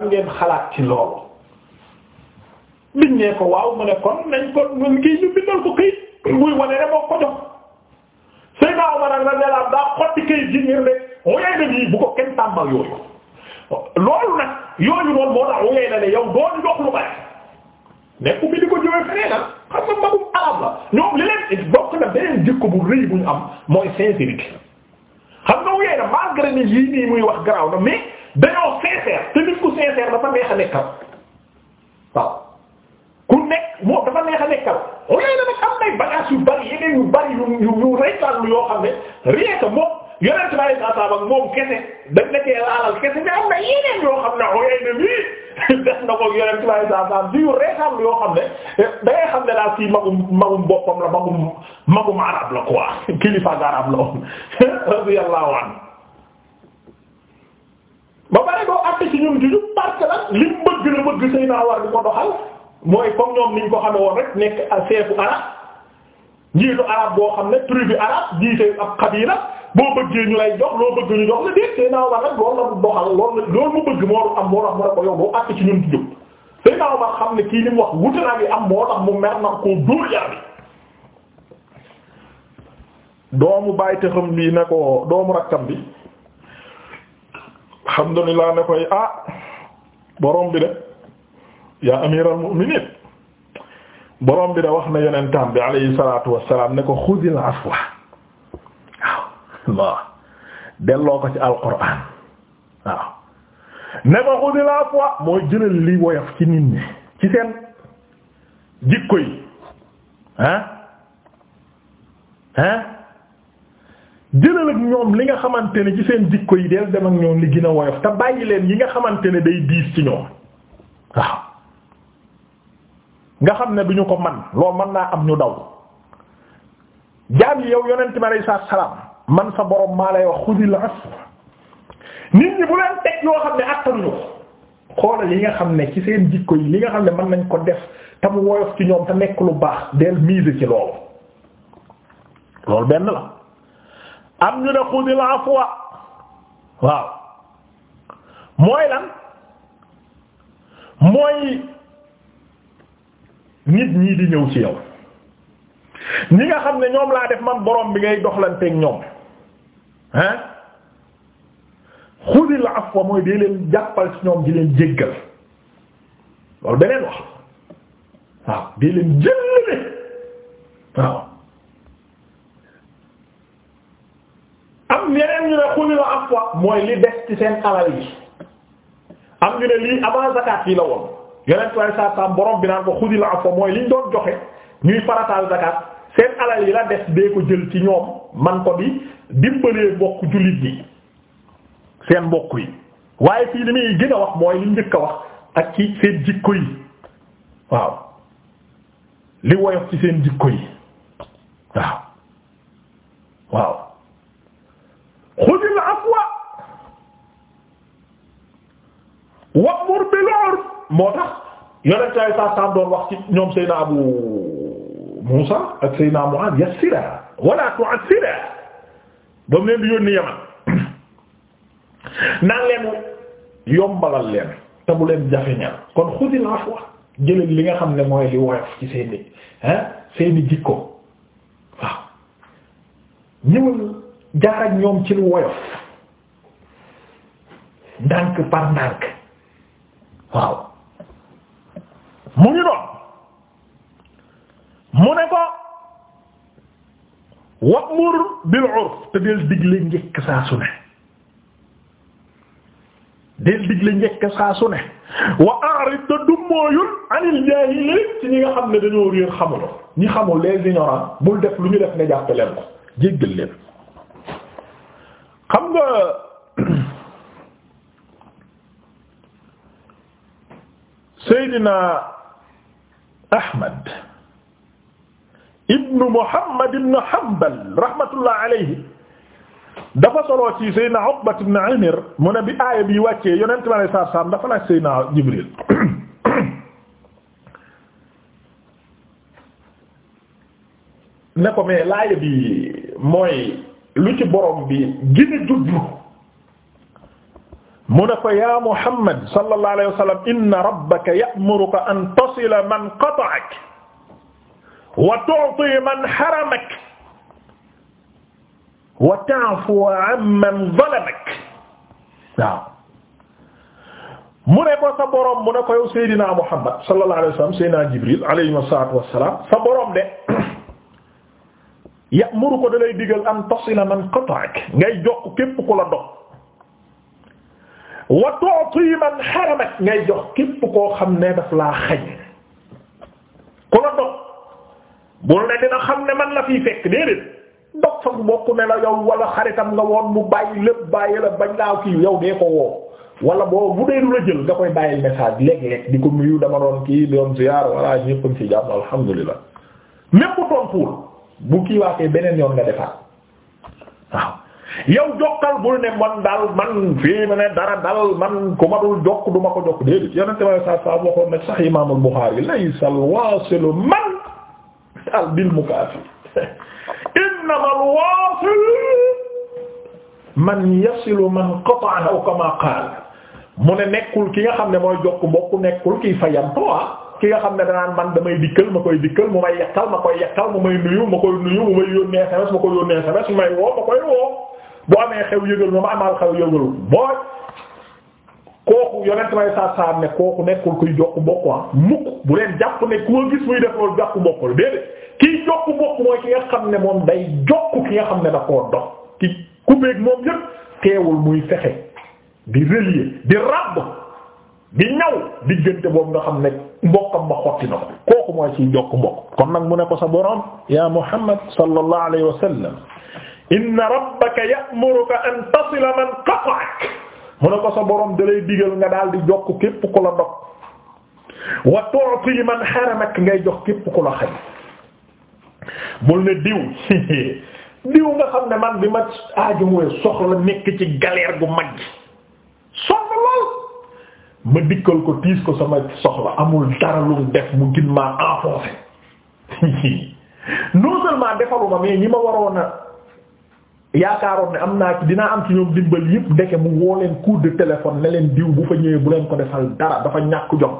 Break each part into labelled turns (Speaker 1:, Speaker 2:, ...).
Speaker 1: ngeen xalaat ci loolu biñ ne ko waaw mu ne kon nañ ko mun kii ñu bindal ko këyit muy wane ne moo ko jox Seydina Omar ak radiyallahu daa xotti këyit ngir ne wuyee na nii bu ko kenn tàmbal yooyu loolu nag yooyu noonu moo tax wuyee na ne yow doon jox lu bari nekku bi di ko jógee feneen nag xam nga magum arab la ñoom li leen bokk na beneen jikko bu rëy bu ñu am mooy sincérité xam nga wuyee na malgré ni yii nii muy wax garaaw na mi dañoo sincère te nit ku sincère dafa neex a nekkal waaw ku nekk moom dafa neex a nekkal waaye nag am nay bagages yu bari yeneen yu bari yu yu yu réclame yoo xam ne rien que moom yeneen tubaab yi saa saa ak kese dañ la cee laalal kese na yeneen yoo xam ne waaye na lii def na ko am yu yoo xam ne da xam ne daal ci magum magum boppam la magum magum arab la quoi kilifa arab la woon radiyallahu anhu bëgg say naa war bi ko doxal mooy comme ñoom niñ ko xame woon rek nekk seefu arab njiitu arab boo xam ne tribu arab jiite ab xabila boo bëggee ñu lay jox loo bëgg ñu jox la déet say naa la loolu loolu bëgg moo am ne ko yow wax wuute am moo tax mu mer nag koo dóor yar bi doomu bàyyi taxam bi ne ko doomu rakkam bi alhamdulillah ne koy ah borom bi de yaa amiral mu'minin borom bi de wax na yonentam bi alayhi salaatu wassalaam ne ko xudil afwa waaw delloo ko ci alquran waaw ne ko xudil afwa mooy jëlal li woyof ci nit ñi ci seen jikko yi ah ah jëlal ak ñoom li nga xamante ne ci seen jikko yi del dem ak ñoom li gën a woyof te bàyyi leen yi nga xamante ne day diis ci ñoom waaw nga xam ne du ñu ko man loolu man naa am ñu daw jaam yi yow yonent bi alayhi salaam man sa borom maa lay wax xudil asr nit ñi bu leen teg yoo xam ne attanuñu ko xoolal yi nga xam ne ci seen jikko yi li nga xam ne mën nañ ko def te mu woyof ci ñoom te nekk lu baax del mise ci loolu loolu benn la am ñu ne xudil afwa waaw mooy lan mooy nit ñii di ñëw ci yow ñi nga xam ne ñoom laa def man borom bi ngay doxlanteeg ñoom ah xudil afwa mooy dee leen jàppal ci ñoom di leen jéggal loolu beneen wax waaw dee leen jëllale waaw am yeneen ñu ne xudil afwa mooy li des ci seen alal yi am ñu ne lii avant zakat yi la woon yonent waaye saa borom bi naan ko xudil afwa mooy liñ doon joxe ñuy farataal zakat seen alal yi la des dee ko jël ci ñoom man ko bi dimbalee mbokk jullit yi seen mbokk yi waaye fii li muy gën a wax mooy li njëkk a wax ak ci seen jikko yi waaw li woyof ci seen jikko yi waaw waaw xudil afwa wa'mur bil 'urf moo tax yonentaay saa saam doon wax ci ñoom Seydina Abu Muusa ak Seydina Muaaz yassira wala tu'assira ba mu leen di yónni Yaman naan leen yombalal leen te bu leen jafeñal kon xudil afwa jëlal li nga xam ne mooy li woyof ci seeni hein seeni jikko waaw ñëwal jaar ñoom ci lu woyof ndànk par ndànk waaw mu ngi doon mu ne ko wa'mur bil urf te del digle njekk saa su ne del digle njekk saa su ne wa a'rid te dummóoyul anil jaahiliin ci ñi nga xam ne dañoo réer xamul ñi xamul les ignorants bul def lu ñu def nga jàppe ko jéggal leen xam nga Seydina Ahmad ibn Muhammad ibn Hanbal rahmatullah alayhi dafa solo ci Seydina Uqbat ibn Amir mu ne bi aaya bi wàccee yonent bi alayhi salaatu salaam dafa laaj Seydina Jibril ne ko mais laaya bi mooy lu ci borom bi gën a jublu mu ne ko yaa Muhammad sallallahu alayhi wa sallam inna rabbaka ya'muruka an tasila man qata'aka wa tu'ti man haramaka wa ta'fu 'amman zalamaka waaw mu ne ko sa boroom mu ne ko yow Seydina Muhammad sallallahu alayhi wa sallam Seydina Jibril alayhi salaatu wa salaam sa boroom de ya'muruka da lay digal an tasila man qata'aka ngay jokk képp ku la dog wa tu'ti man haramak ngay jox képp koo xam ne daf laa xañ ku la dog bul ne dina xam ne man la fiy fekk déedéet dog fa bokk ne la yow wala xaritam nga woon mu bàyyi lépp bàyyi la bañ laa kii yow dee ko woo wala boo bu dee du la jël nga koy bàyyi message léeg-léeg di ko nuyu dama doon kii doon ziyaar wala ñépp ci jàmm alhamdulilah même bu tontuwul bu kii beneen yoon nga defaat waaw yow jokkal bul ne man daal man fii ma ne dara dal man ku ma dul jokk du ma ko jokk déedéet yonente ma sa sa waxoon nag sax imaam al-Bukhari laysa al-wasilu man al bil mukaafi innama al man yasilu man qata'ahu qaal mu ne nekkul ki nga xam ne mooy jokk mbokk nekkul kiy fayam ki nga xam ne danaan man damay dikkal ma koy dikkal mu may yekkal ma koy yekkal mu may nuyu ma koy nuyu mu may yónnee SMS ma koy yónnee SMS mu may woo ma koy woo bu amee xew yëgal ma ma amaal xew yëgal boo kooku yonent may saa saa ne kooku nekkul kuy jokk mbokk ah mukk bu leen jàpp ne ku ma gis kiy jokk mbokk mooy ki nga xam ne moom day jokk ki nga xam ne da koo dox ki ku beeg moom yëpp teewul muy fexe di relier di ràbb di ñaw diggante boobu nga xam ne. mbokkam ba xotti na ko kooku mooy ci jokk mbokk kon nag mu ne ko sa boroom ya Muhammad sallallahu alayhi wa sallam inna rabbaka ya'muruka an mu ne ko sa boroom dalay digal nga daal di jokk képp ku la dog wa tu'ti man haramak ngay jox képp ku la xañ bul ne diw diw nga xam ne man bi ma aaju mooy soxla nekk ci galère gu mag gi soxla ma dikkal ko tiis ko sama soxla amul dara lu def mu gin maa enfoncé non seulement defaluma mais ñi ma waroon a yaakaaroon ne am naa ci dinaa am ci ñoom dimbal yëpp ndeke mu woo leen coup de téléphone ne leen diw bu fa ñëwee bu leen ko defal dara dafa ñàkk jom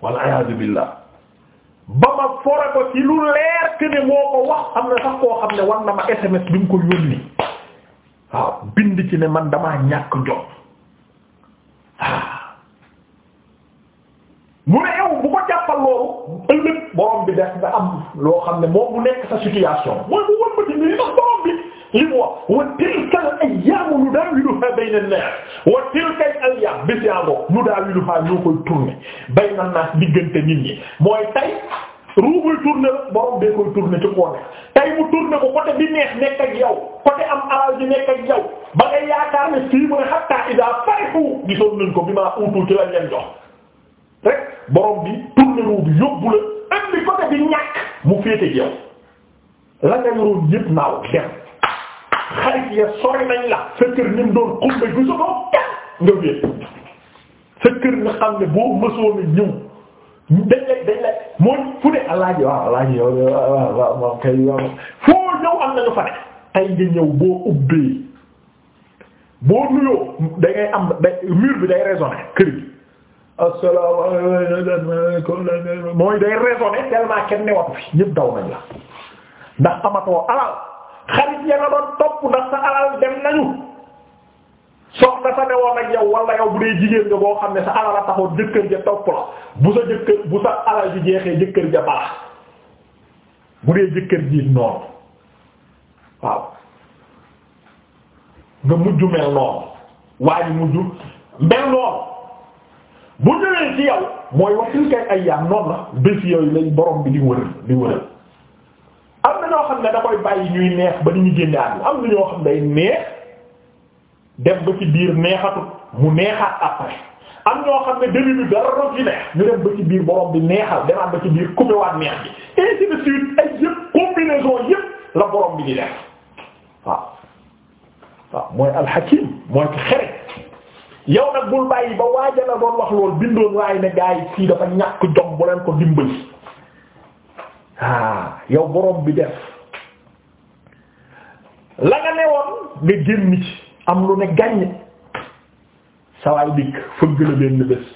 Speaker 1: walla ayaazu ne moo ko wax am na sax koo xam ne war na ma SMS bi mu ko yónni waaw bind ci ne man damaa ñàkk jom ah. mu ne yow bu ko jàppal loolu ëllëg borom bi def nga am loo xam ne moom mu nekk sa situation mooy bu wër bëgg nii ndax borom bi li mu wax wa tilka al ayyaamu nudaawiluhaa bayna an-naas wa tilka al ayyaam bis yaa ngo nudaawiluhaa ñoo koy tourner bayna diggante nit ñi mooy tay ruu buy tourner borom bee koy tourner ci koo nekk mu tourner ko côté bi neex nekk ak yow côté am alal ji nekk ak yow ba nga yaakaar ne fii mooy hatta idaa farihu gisoon nañ ko bi maa utu leen jox rek borom bi tourné wu bi yóbbu la indi côté bi ñàkk mu féete yow la nga yoroon yëpp naaw dem xarit ya sori nañ la sa kër ni doon xumbe gisatoo sa kër nga xam ne boo mësoon a ñëw dañ lay dañ lay mooy fu ne alaaji waaw foo ñëw am nañu fa ne tey nga ñëw boo ubbee boo nuyoo da am da mur bi day résonner kër gi. asalaamaaleykum mooy day raisonné tellement kenn newatu fi ñëpp daw nañ la ndax amatoo alal xarit ya nga doon topp ndax sa alal dem nañu soxna sa newoon ak yow wala yow bu dee jigéen nga boo xam ne sa alal a taxoon jëkkër ja topp la bu sa jëkkër bu sa alal ji jeexee jëkkër ja bala bu dee ji noonu waaw nga mujj mel noonu waa ji mujj mel bu ñëwee ci yow mooy wax kay ayyaam noonu la bés yooyu lay borom bi di wër di wëral am na ñoo xam ne da koy bàyyi ñuy neex ba ni ñu génne àdduna am na ñoo xam ne day neex dem ba ci biir neexatut mu neexaat après am ñoo xam ne début bi dara doon ci neex ñu dem ba ci biir borom bi neexal demaat ba ci biir coupé waat neex bi ainsi de suite ay yëpp combinaison yëpp la borom bi di def waaw waaw mooy alxakim mooy ci xere yow nag bul bàyyi ba waaja doon wax lool bindoon waaye ne gaa yi fii dafa ñàkk jom bu leen ko dimbali ah, yow borom bi def la nga newoon nga génn ci am lu ne gàññ sawaay dikk fëgg la benn bés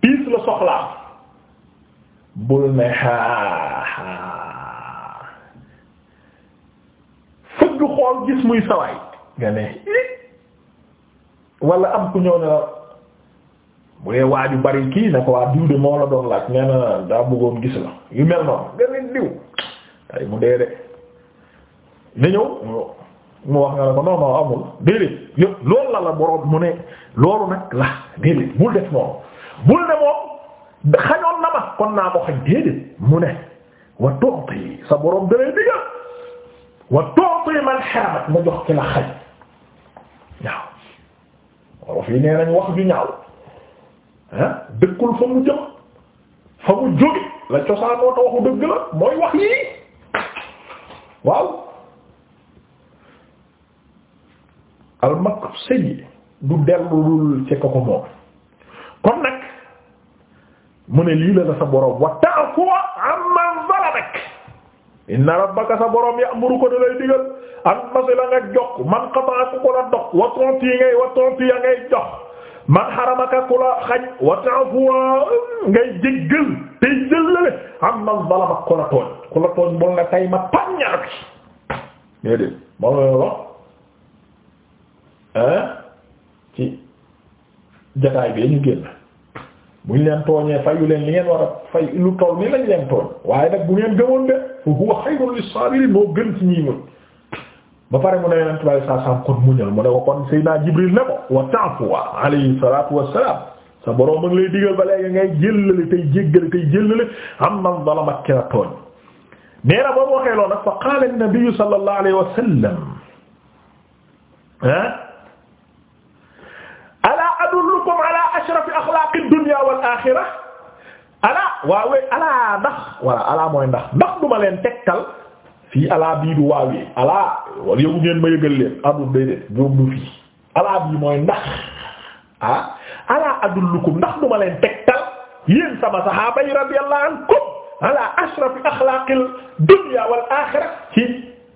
Speaker 1: piis la soxlaa bul ne ah, ah. fëgg xool gis muy sawaay nga ne wala am ku ñëw ne la dee waa ju bari kii na ko waa diw moo la doon laaj nee na daa bëggoon gis la yu mel noonu nga ne diw mu dee de ne ñëw mu wax nga ne ko non non mu ne loolu nag la déedéet bul def noonu bul ne moom xañoon na ma kon naa ko xañ déedéet mu ne wa tu'ti sa boroom dalay digal wa tu'ti man haramat nga jox ki la xañ waaw wolof yi nee nañ wax ju ñaaw ah dëkkul fa mu jëm fa mu jóge la cosaanoo te waxu dëgg la mooy wax yi waaw al makru du dellul ci ko ko moom kon nag mu ne lii la la sa boroom wa ta'fu amma inna rabbaka sa borom ya'muru ko da lay digal an masila nga jokk man xamaa ku la dox wa tonti ngay wa tonti ya ngay jox man xaramaka ku la xañ wa ta'fu ngay jéggal te jëllale am man zalama ku la tooñ ku la tooñ bol nga tay ma paññar bi déedéet moo loolu wax hein ci jataay bi ñu génn buñ leen tooñee fayu leen li ngeen war a fay lu toll nii lañ leen tooñ waaye nag bu ngeen gëmoon de fa huwa xayrun lis-saabiriin gën ci ñi muñ ba pare mu ne yonent bi alayhi salaam kon muñal mu ne ko kon Seydina Jibril ne ko wa ta'fu alayhi salaatu wassalaam sa borom mu ngi lay digal ba léegi ngay jëllale tey jéggale tey jëllale amman zalama ki la tooñ nee na boo waxee loolu nag fa qaala an-nabiyyu sallallahu alayhi ashrafi alaa waawee alaa ndax walla alaa mooy ndax ndax duma leen tegtal fii alaa bii du waawee alaa war yëgu ngeen ma yëgal leen amul day de boobu fii alaa bii mooy ndax alaa adullukum ndax duma leen tegtal yéen sama saxaaba yi radiyallahu ankum alaa ashrafi axlaaqil dunya wal axira ci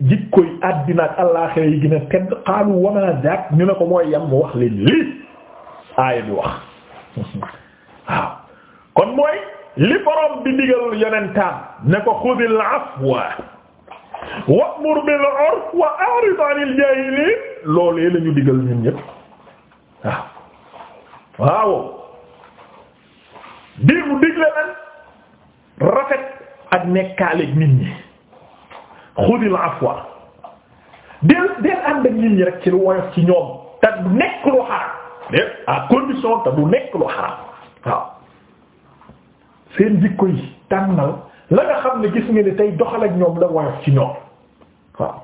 Speaker 1: jikkoy àddina ak alaaxira yi gën tedd qaalu wa maa zaak ñu ko mooy yam mu wax leen lii aaya bi wax waaw kon mooy li borom bi digal yonentam ne ko xudil afwa wa'mur bil urf wa a'rid 'anil jaahiliin loolee la ñu digal ñun ñëpp waaw waaw bii mu digle nan rafet ak nekkaaleeg nit ñi xudil afwa del del ànd ak nit ñi rek ci lu woyof ci ñoom te nekk lu xaar mais à condition te du nekk lu xaram waaw seen jikko yi tànnal la nga xam ne gis nga ne tey doxal ak ñoom la woyof ci ñoom waaw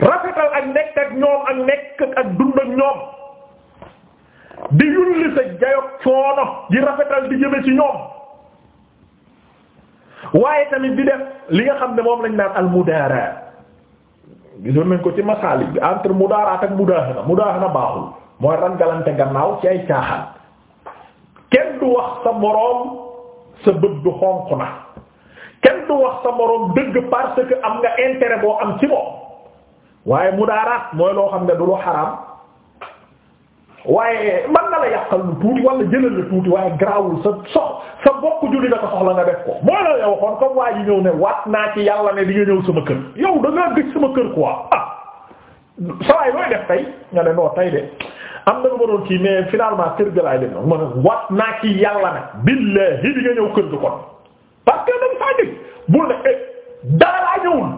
Speaker 1: rafetal ak nekk ak ñoom ak nekk ak dund ak ñoom di yulli sa jayog coono di rafetal di jëme ci ñoom waaye tamit di def li nga xam ne moom lañ naan almudaara gisoon nañ ko ci masaalik bi entre mudaaraat ak mudaahana mudaahana baaxul mooy rangalante gannaaw ci ay caaxaan kenn du wax sa moroom sa bët du xonq na kenn du wax sa moroom dëgg parce que am nga intérêt boo am ci moom waaye mudaaraat mooy loo xam ne du lu xaraam waaye mën na la yàqal lu tuuti wala jëlal la tuuti waaye garaawul sa sox sa bokk julli na ko soxla nga def ko mooy la yow xoon comme waa ñëw ne waat naa ci yàlla ne di nga ñëw sama kër yow da gëj sama kër quoi ah saa waay looy def tey nga ne noo tey de am na lu ma doon kii mais finalement kër ga laay dem nag ma ne wat naa ci yàlla nag billahi di ñëw kër ga kon parce que dañ faa dégg bul ne eh, dara laa ñëwul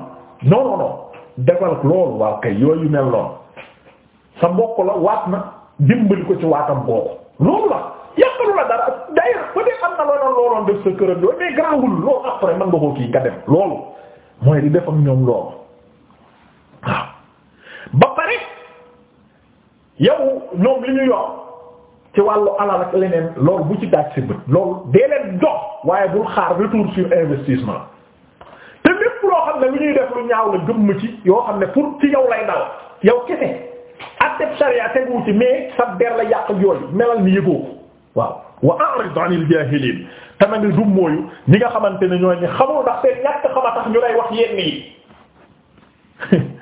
Speaker 1: non non defal loolu waaw kay yooyu mel noonu sa mbokk la waat na dimbali ko ci waatam boobu loolu la yàqalu la dara d'ailleurs peut être am na loo looloon def sa këram yooyu mais garaawul loolu après mën nga koo kii nga dem loolu mooy di def ñoom loolu waaw. yow ñoom li ñu yor ci wàllu alal ak leneen loolu bu ci daaj si bët loolu dee leen jox waaye bul xaar retour sur investissement te lépp loo xam ne lu ñuy def lu ñaaw la gëmm ci yoo xam ne pour ci yow lay dal yow kese atteb sharia tegu ci mais sa der la yàq yooyu melal ni yëgoo waaw wa a'rid 'anil jaahiliin te na nga dum ñi nga xamante ne ñooy ñi xamul ndax seen ñàkk xama tax ñu lay wax yenn yi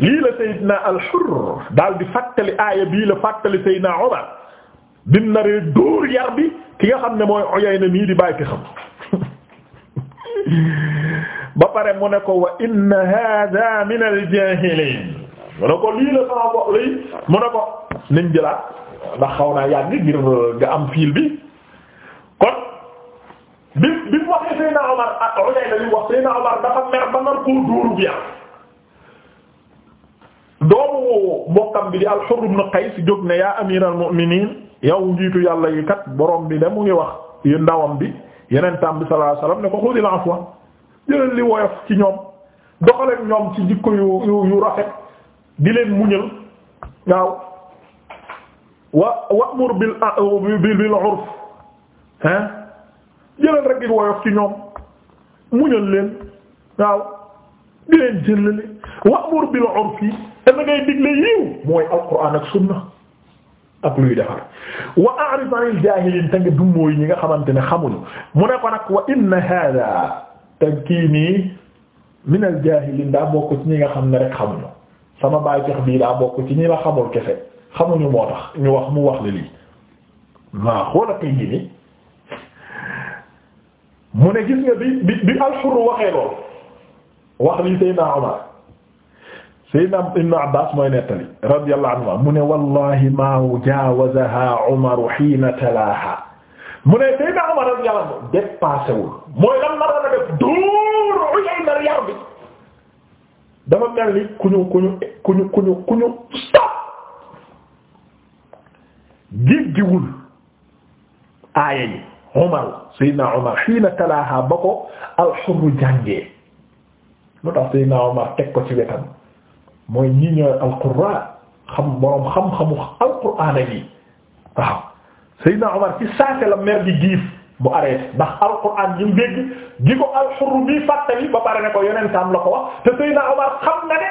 Speaker 1: lii la Seydina al-Hurr daal di fàttali aaya bii la fàttali Seydina Umar bim naree dóor yar bi ki nga xam ne mooy Uyayna nii di bàyyi xam ba pare mu ne ko min al-jahilin lii la sama bo lay mu ne ko nañ jëlaat xaw naa yàgg ngir fiil bi kon bi bi mu waxee Seydina Umar ak Uyayna li wax mer ba nar koo bi yar doomu mbokkam bi di al-Hurr ibn jóg ne yaa amiral mu'minin yow njiitu yàlla yi kat borom bi de mu ngi wax yu ndawam bi yeneen tam bi sallallahu alayhi wasallam ne ko xudil afwa jëlal li woyof ci ñoom doxaleen ñoom ci jikko yu yu rafet di leen muñal waaw wa wa'mur bil bil urf hein jëlal rek woyof ci ñoom muñal leen waaw di leen jëlale wa'mur bil urfi te na ngay yiw mooy alquran ak sunna ak luy defar wa a'rid 'anil jaahiliin te nga du ñi nga xamante ne xamuñu mu ne ko nag wa inna haadaa te kii nii min al jaahiliin daa bokk ñi nga xam ne rek xamuñu sama baay tax bii daa bokk ci ñi la xamul kese xamuñu moo tax ñu wax mu wax la lii waaw xoola kay mu ne gis nga bi bi bi alxur waxee lool wax lii Seydina Omar Seydina Ibn Abbas mooy nettali radiyallahu anhu mu ne wallahi ma jaawazaha Umar hiina talaaha mu ne Seydina Umar radiyallahu anhu dépassé wul mooy lan la doon def dóor Uyayna yar bi dafa mel ni ku ñu ku ñu ku ñu ku ñu ku ñu stop jéggiwul aaya yi Umar Seydina Umar hiina talaaha ba ko al-Hurr jàngee lu tax Seydina Umar teg ko ci wetam. mooy ñii ñooy alquraan xam boroom xam-xamu alquraan ak yi waaw Seydina Omar ci saase la mer di giif mu arrêté ndax alquraan ji mu dégg gi ko alxurru bii fàttali ba pare ne ko yonentam la ko wax te Seydina Omar xam na ne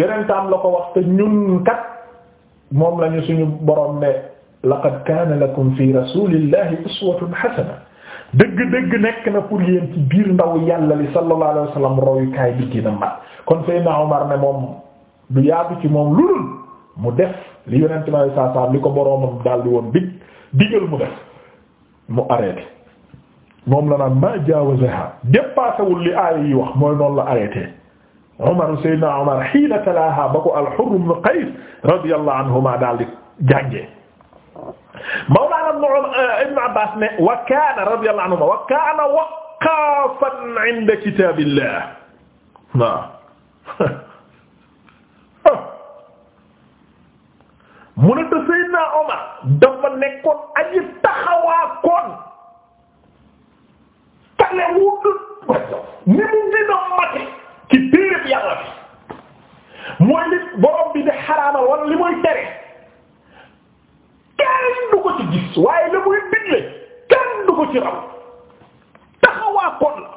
Speaker 1: yonentam la ko wax te ñun kat moom lañu suñu boroom ne laqad kaana lakum fi rasulillahi uswatun hasana dëgg-dëgg nekk na pour ci biir ndaw yàlla li sallallahu alayhi wa sallam royukaay bi gën a kon Seydina Omar ne moom du yaatu ci moom lu dul mu def li yonent ma saa li ko boroomam daldi woon dig digal mu def mu arrêté moom la naan ma jaawazaha dépassé wul li aaya wax mooy noonu la arrêté Omar Seydina Omar hiina talaaha ba ko al-Hurr ibn Qays radiyallahu anhuma daldi jàngee. Mawlaana Ibn eh, Abbaas ne wa kaana radiyallahu anhu wa kaana waqaafan inda kitaabillah waaw mu ne te Seydina Omar dafa nekkoon aji taxawaakoon tale wut ni mu ngi doon mate ci téereb Yàlla bi mooy li borom bi di xaraamal wala li muy tere kenn du ko ci gis waaye la muy digle kenn ko ci raw taxawaa kon la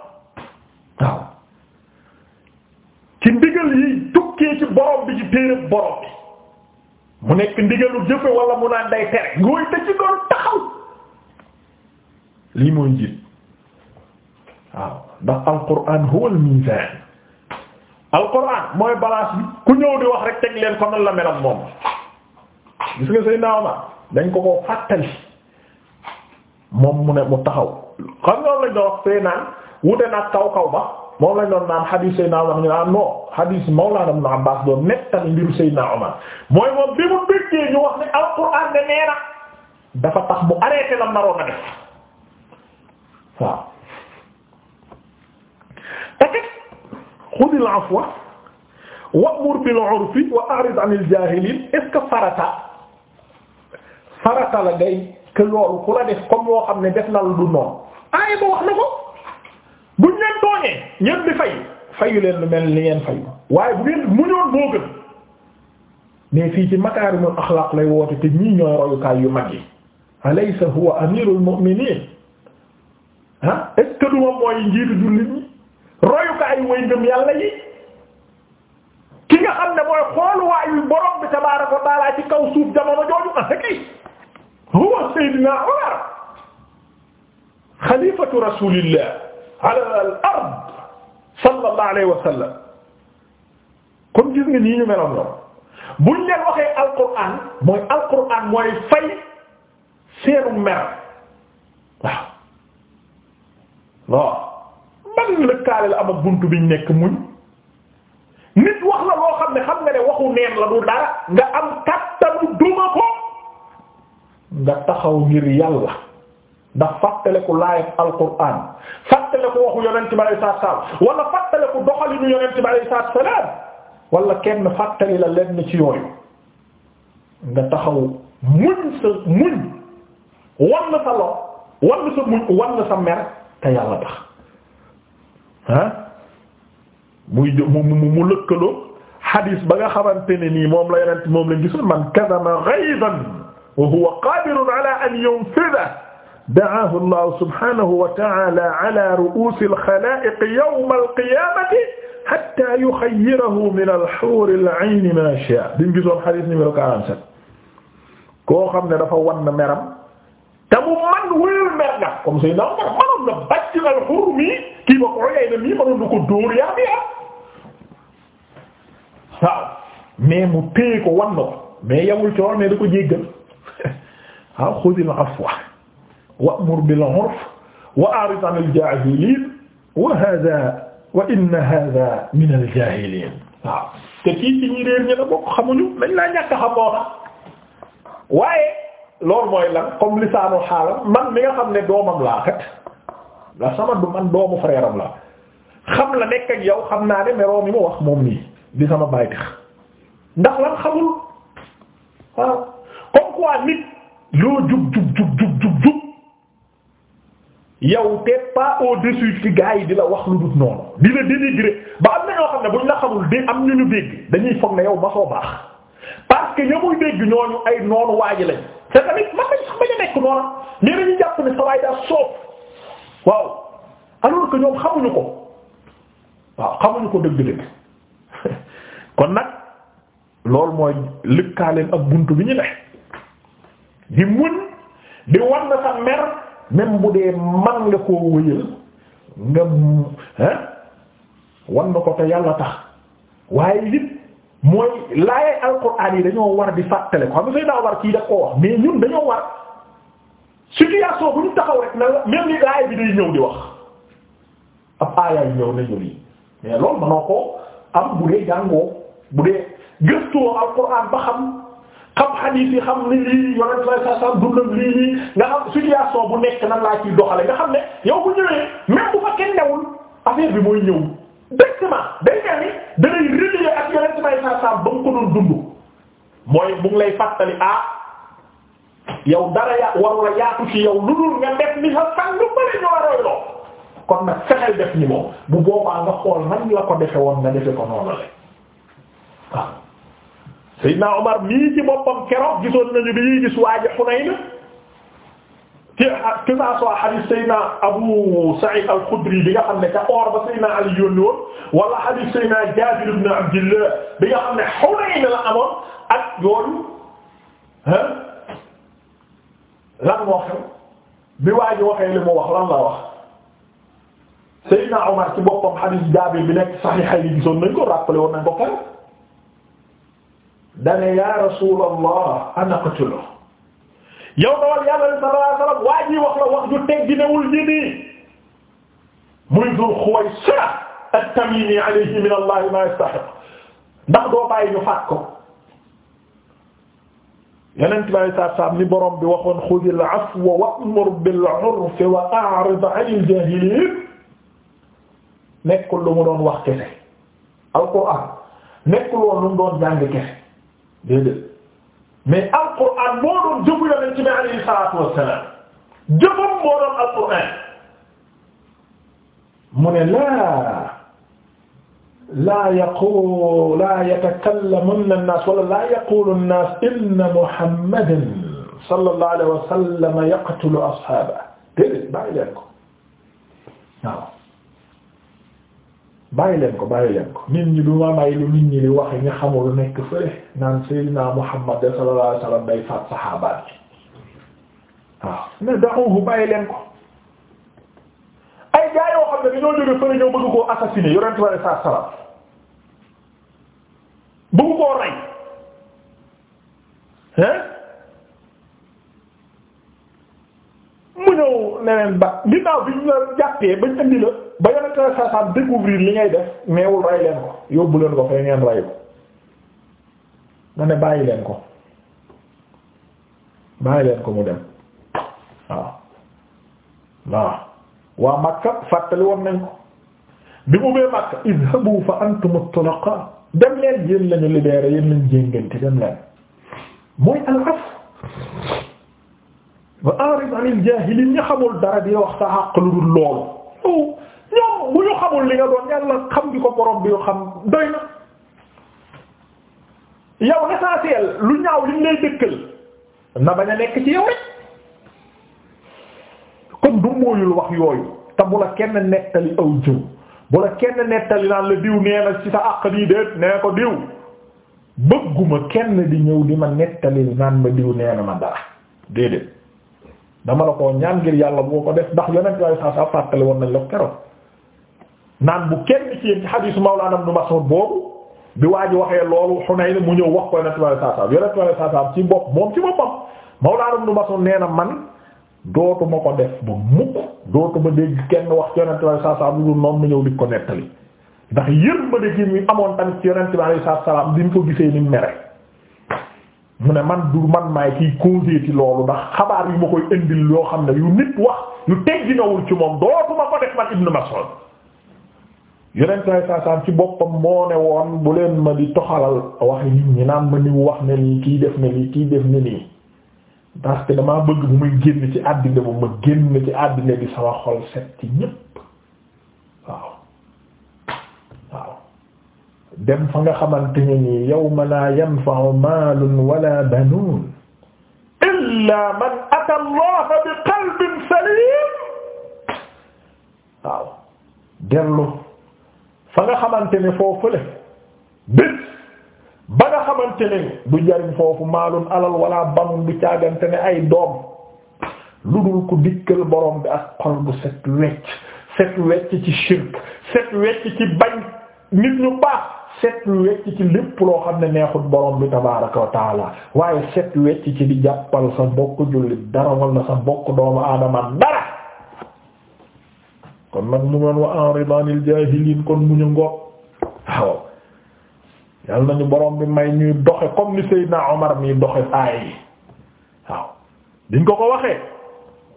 Speaker 1: waaw ci ndigal yi tukkee ci borom bi ci téereeb borom bi mu nekk ndigalu jëfe wala mu naan day tere ngooy te ci doon taxaw lii mooy njiit waaw ndax alquran huwa almizan alquran mooy balance ku ñëw di wax rek teg leen ko la melam moom gis nga say naaw ma dañ ko ko fàttali moom mu ne mu taxaw xam nga lañ doon wax fee naan wute nag kaw kaw ba moom lañ doon naan xadiis Seydina Omar ñu naan non xadiis Mawlana Ibn Abbaas doon nettali mbiru mooy moom bi mu déggee ñu wax ne alxuraan ne nee na dafa tax mu arrêté la naroon a def waaw takat xudil afwa wa'mur bil urfi wa a'rid anil jaahiliin est-ce que farata farata la ngay ku la def comme yoo xam ne def na la du noonu aaya ba wax na ko buñ leen tooñee ñeen fay fayu leen lu mel ni ngeen fayu waaye bu ngeen mu ñoon boo gën mais fii ci makaarimul axlaaq lay woote te ñii ñooy royukaay yu mag yi alaysa huwa amirul mu'minin ah est ce que duma mooy njiitu ñi royukaay way ngëm yàlla yi ki nga xam ne mooy xool waayu borom bi tabaaraka wa taala ci kaw suuf jamono jooju ah kay Seydina Umar xalifatu rasulillah ala al ard sallallahu alayhi wa sallam kon gis nga nii ñu meloon ñoom buñ leen waxee alquran mooy alquran mooy fay seenu mer waaw waaw man lëkkaale la am ak buntu biñ nekk muñ nit wax la loo xam ne xam nga ne waxu neen la du dara nga am kat nga taxaw ngir yàlla ndax fàttaleku laayat alquran fàttaleku waxu yonent bi alayhi salaatu salaam wala fàttaleku doxalinu yonent bi alayhi salaatu salaam wala kenn fàttali la lenn ci yooyu nga taxaw muñ sa muñ wan na sa lo wan sa muñ wan na sa mer mu yàlla tax ah muy mu mu lëkkaloo xadiis ba nga xamante nii moom la yonent moom la gisul man kadama ghayzan wa huwa qaadirun ala an yunfida da'aahu allah subhanahu wa ta'ala ala ru'uusi al-xalaa'iq yawma al-qiyaamati hatta yuxayyirahu min al-huuri al-'ayni maa shaa bi mu gisoon xadiis numéro 47 koo xam ne dafa wan na meram te mu man wéyul mer nga comme Seydina Omar manoon na bàcc na al-Hurr mii kii ba ko yey na mii manoon na ko dóor yaa bi ah waaw mais mu téye ko wan na ko mais yamul ci woon mais da ko jéggal ah xudil afwa wa'mur bil 'urf wa a'rid 'anil jaahiliin wa haaza wa inna haaza minal la a xam moo mooy lan comme lisaanu xaalam man mi nga xam ne doomam la sama du man doomu frère am la xam la nekk ak yow xam naa ne meroo mi mu wax moom nii di sama bàyyi ndax lan xamul waaw comme quoi nit. loo jub jub jub jub jub jub yow t'es pas au-dessus ci gars yi di la wax lu dul noonu di la dénigrer ba am na ñoo xam ne buñ la xamul dé am ñu ñu dégg dañuy foog na yow ma soo baax parce que ñoo muy dégg ñooñu ay noonu waaji lañ te tamit man nañ sax bañ a nekk noonu mais dañuy jàpp ne sa waay soob waaw alors que ñoom xamuñu ko waaw xamuñu ko dëgg-dëgg kon nag loolu mooy lëkkaaleen ak bunt bi ñu ne. di muñ di wan na sa mer même bu dee man nga koo wëyal nga ah wan na ko te yàlla tax waaye it mooy laayay alquran yi dañoo war di fàttale ko xam nga daa war kii da koo wax mais ñun dañoo war situation bu ñu taxaw rek na même ni laay bi day ñëw di wax ab aayaay ñëw na ñu lii mais loolu mënoo ko am bu dee jàngoo bu dee gëstuwoo alquran ba xam. xam xadiis yi xam ni lii yonent sallallahu alayhi wasallam dundam lii nga xam situation bu nekk nan laa ciy doxale nga xam ne yow bu ñëwee même bu fa kenn newul affaire bi mooy ñëw directement day mel ni danay relier ak yonent lay fàttali ah yow dara ya ci yow lu dul nga def ni sa sang lu bari ñu waroy loo kon nag fexeel def ni moom bu boobaa nga xool nan la ko defe woon nga defe ko noonu la waaw Seydina Omar mii ci boppam keroog gisoon nañu bi ñuy gis waaji Xunayn ci ah, que ça soit hadith Seydina Abu Sa'id al bi nga xam ne ca or ba Seydina Ali yónni woon wala hadith Seydina Jaabir bi nga xam ne Xunayn la amoon ak yoonu ah lan moo xam bi waaji waxee li mu wax lan la wax Seydina Omar ci boppam hadith Jaabir bi nekk Sahih yi gisoon nañ ko rappelé woon nañ ko keroog. dane ya rasulallah ana qatulu yow dawal yàlla ni sallallahu alayhi wasallam waa ji wax la wax ju tegginewul ji nii muy Dul Xuwaysira at-Tamimi alayhi min Allah ma yastahiq ndax doo bàyyi ñu faat ko yeneen lay saat saam ni borom bi waxoon xudil afwa wa'mur bil urfi wa a'rid 'anil jaahiliin nekkul lu mu doon wax kese alquran nekkul woon lu mu doon jàng kese déedéet mais alquran moo doon jëmu yonent bi alayhi salaatu wassalaam jëmam moo doon alquran mu ne laa laa yaqulu laa yatakallamunna an-naas wala laa yaqulu an-naas inna muhammadan sallallahu alayhi wa sallam yaqtulu ashaabahu déedéet bàyyi leen ko waaw bàyyi leen ko bàyyi leen ko nit ñi du ma may lu nit ñi di wax yi nga xamul nekk fële naan Seydina Muhammad sallallahu alayhi wasallam day faat saxaabaan yi waaw ne daxuhu bàyyi leen ko ay gaa yoo xam ne dañoo jóge fële ñoo bëgg koo assassiner yonent ware sa salam bëgg koo rey hein mu ñëw leneen bi ñu la jàppee bañ andi la ba yonent bi saa saa découvrir li ngay def neewul ray leen ko yóbbu leen ko fee ngeen ray ko nga ne bàyyi leen ko bàyyi leen ko mu dem waaw waaw waa Makka fàttali woon nañ ko bi mu bee Makka izhabu fa antum at dem leen yéen lañu libéré yéen lañu jéngante dem leen mooy al-af wa a'rid 'anil jaahiliin xamul dara di wax sa àq lu dul loolu oh. ñoom bu ñu xamul li nga doon yàlla xam di ko borom bi xam doy na yow l'essentiel lu ñaaw li lay dëkkal na bañ a nekk ci yow rek comme du mooyul wax yooyu te bu la kenn nettali aw jëw bu la kenn nettali naan la diw nee ci sa àq nii déet nee ko diw bëgguma kenn di ñëw di ma nettali naan ma diw nee na ma dara déedéet dama la ko ñaan ngir yàlla boo ko def ndax yonent waaye saa saa fàttali woon nañ la keroog naan bu kenn ci yéen ci xadiisu Mawlaana Ibn Mas'ud boobu bi waa ji waxee loolu Hunayn mu ñëw wax ko Yonent bi sallallahu alayhi wasallam ci bopp moom ci boppam Mawlaana Ibn Mas'ud nee na man dootuma ko def ba mukk dootuma dégg kenn wax ci Yonent bi lu dul noonu mu ñëw di ko nettali ndax yërmande gi mi amoon tamit ci Yonent bi sallallahu mu ko gisee ni mere mu ne man du man maay kiy causé loolu ndax xabaar yu ma koy indil yoo xam ne yu nit wax ci moom dootuma ko yeneen saa saasaam ci boppam moo ne woon bu leen ma di toxalal wax nit ñi naan ma ni wax ne lii kii def ne lii kii def ne lii parce que damaa bëgg bu may génn ci àddina bu ma génn ci àddina bi sama xol set ci ñépp waaw waaw dem fa nga xamante ne nii yawma laa yanfa'u maalun wala banuun illaa man ata Allah bi qalbin saliim waaw dellu ba nga xamante ni foofu le bés ba nga xamante ne du jariñ foofu maalun alal wala banun du caagante ne ay doom lu dul ku dikkal borom bi ak xol bu set wecc set wecc ci shirk set wecc ci bañ nit ñu baax set wecc ci lépp loo xam ne neexut borom bi tabaaraka wa taala waaye set wecc ci di jàppal sa mbokk jullit dara wala sa bokk doomu aadama dara kon nag mu noon wa enridanil jaahiliin kon mu ñu ngoog yal nañu borom bi may ñuy doxe comme ni Seydina Omar mi doxe aaya yi waaw ko ko waxee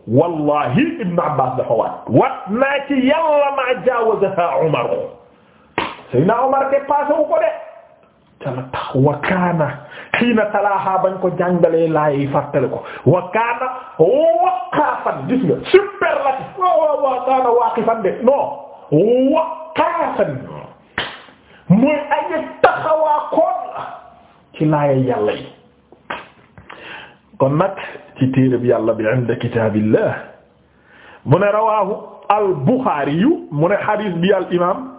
Speaker 1: wallahi Ibn Abbas dafa waat naa ci yàlla ma jaawazaha Omar Seydina Omar te passé wu ko de ca la tax wakaana xiina talaaxaa bañ ko jàngalee laay ko wakaana waqaafan gis nga superlatif wakaana waaqifan de waqaafan mooy ay taxawaa koon la ci laayay yàlla yi kon nag ci téereb yàlla bi inda mu ne rawaahu al Buxaari mu ne xadiis bi al imaam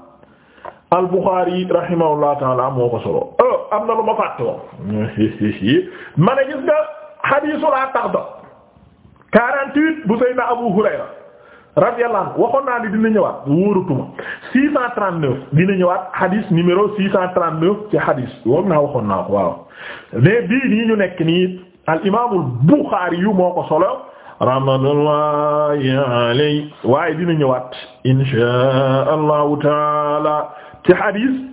Speaker 1: al Bukhari rahimahullah taala moo ko solo oh, am na lu ma fàtte woon ma ne gis nga hadiisu la tarda 48 bu Seydina Abu Hurayra radiyallahu anhu waxoon naa ni dina ñëwaat wóoratuma 639 dina ñëwaat hadis numéro 639 ci hadis woon naa waxoon naa ko waaw mais bii nii ñu nekk nii al imaamul Bukhari yu moo ko solo rahmatullahi alayhi waaye dina ñëwaat insha allahu taala. ci hadith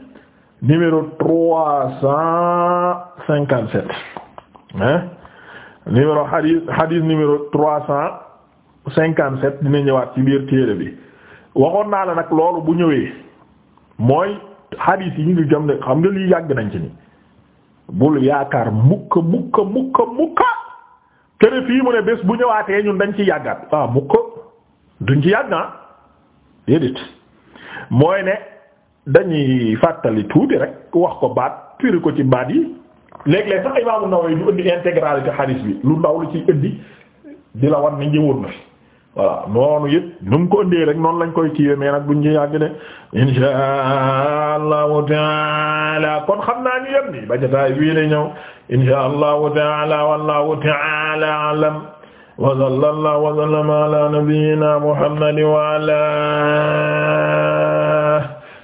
Speaker 1: numéro trois cent cinquante sept hein numéro hadith hadith numéro trois cent cinquante sept dina ñëwaat ci biir téere bi waxoon naa la nag loolu bu ñëwee mooy hadith yi ñu ngi jëm ne xam nga lii yàgg nañ ci ni bul yaakaar mukka mukka mukka mukka kene fii mu ne bés bu ñëwaatee ñu dañ ci yàggaat ah mukka duñ ci yàgg ah mooy ne dañuy fàttali tuuti rek wax ko baat firi ko ci baat yi léeg-léeg sax Imaamu Nawawi du indi intégralité hadith bi lu ndaw lu ci indi di la wan ni ñëwoon na fi voilà noonu it nu mu ko indee rek noonu lañ koy kiiwee mais nag bu ci yàgg de insha allahu taala kon xam naa ñu yem ni ba jotaay bii lay ñëw insha allahu taala wallahu taala alam wa sallallahu wa sallama ala nabiyyina muhammadin wa ala